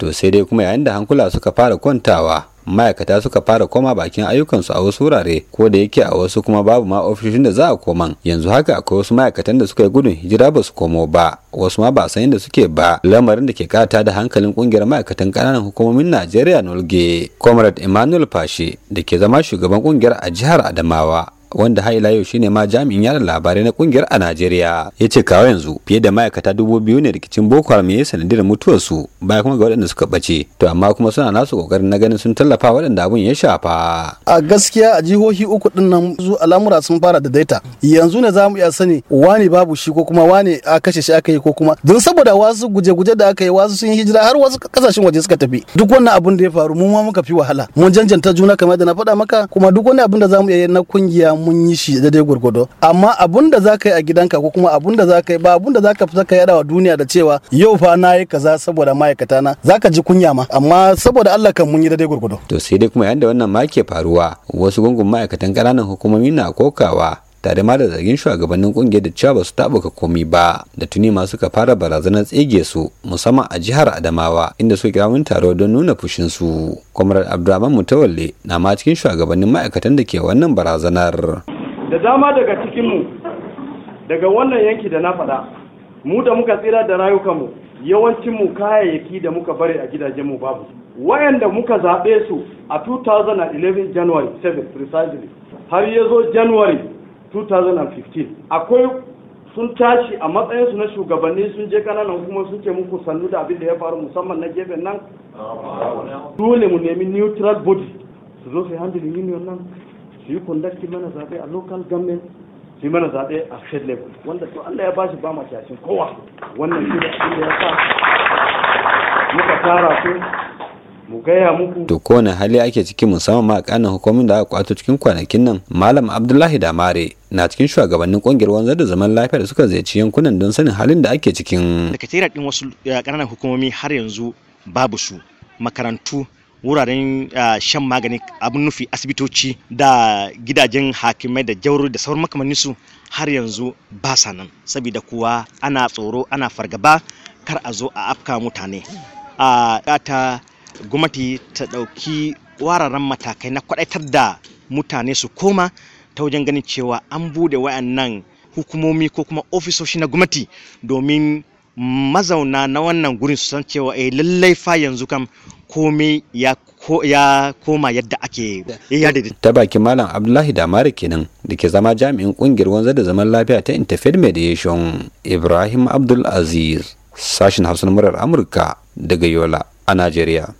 to sai dai kuma yayin da hankula suka fara kwantawa ma'aikata suka fara koma bakin ayyukansu a wasu wurare ko da yake a wasu kuma babu ma ofishin da za a koman yanzu haka akwai wasu ma'aikatan da suka yi gudun hijira ba su komo ba wasu ma ba san yadda suke ba lamarin da ke kata da hankalin kungiyar ma'aikatan kananan hukumomin najeriya nolge comrade emmanuel fashe da ke zama shugaban kungiyar a jihar adamawa wanda har ila yau shine ma jami'in yaran labarai na kungiyar a Najeriya ya ce kawo yanzu fiye da ma'aikata dubu biyu ne rikicin Boko Haram ya sanadiyar mutuwar su baya kuma ga waɗanda suka bace to amma kuma suna nasu kokarin na ganin sun tallafa waɗanda abun ya shafa a gaskiya a jihohi uku din nan zu al'amura sun fara da daita yanzu ne za iya sani wani babu shi ko kuma wani a kashe shi aka yi ko kuma don saboda wasu guje-guje da aka yi wasu sun hijira har wasu kasashen waje suka tafi duk wannan abun da ya faru mu ma muka fi wahala mun janjanta juna kamar da na faɗa maka kuma duk wani abun da za iya na kungiya mun yi shi da dai gurgudo amma abun da za ka yi a gidanka ko kuma abun da za ka yi ba abun da za ka fita ka yada wa duniya da cewa yau fa na yi kaza saboda ma'aikata na za ka ji kunya ma amma saboda Allah kan mun yi da dai gwargwado to sai dai kuma yanda wannan ma ke faruwa wasu gungun ma'aikatan ƙananan hukumomi na kokawa tare ma da zargin shugabannin kungiyar da cewa ba su taɓuka komi ba da tuni ma suka fara barazanar tsege su musamman a jihar adamawa inda suka kira wani taro don nuna fushin su kwamrar abdulrahman mutawalle na ma cikin shugabannin ma'aikatan da ke wannan barazanar da dama daga cikinmu daga wannan yanki da na faɗa mu da muka tsira da rayukanmu yawancinmu kayayyaki da muka bari a gidajen mu babu wayanda muka zaɓe su a 2011 january 7 precisely har ya zo january 2015 akwai sun tashi a matsayinsu na shugabanni sun je kananan kuma sun ce muku sannu da abin da ya faru musamman na gefen nan dole mu nemi neutral body su zo su yi union nan su yi kundakti mana zaɓe a local government su yi mana zaɓe a state level wanda to Allah ya bashi ba kowa wannan shi da abin da ya sa muka tara su mu gaya muku to hali ake ciki musamman ma kanin hukumin da aka kwato cikin kwanakin nan malam abdullahi damare na cikin shugabannin kungiyar wanzar da zaman lafiya da suka ziyarci yankunan don sanin halin da ake cikin sakatariya din wasu kananan eh, hukumomi har yanzu babu su makarantu wuraren eh, shan magani abin nufi asibitoci da gidajen hakimai da jauro da sauran makamannin su har yanzu ba sa nan saboda kuwa ana tsoro ana fargaba kar a zo a afka mutane a ta gwamnati ta ɗauki wararan matakai na kwaɗaitar da mutane su koma ta wajen ganin cewa an bude wayannan hukumomi ko kuma ofisoshi na gwamnati domin mazauna na wannan gurin su san cewa eh lallai fa yanzu kam komai ya koma yadda ake ya ta bakin malam abdullahi damari kenan da ke zama jami'in kungiyar wanzar da zaman lafiya ta interfaith mediation ibrahim abdul aziz sashin hausa murar amurka daga yola a nigeria.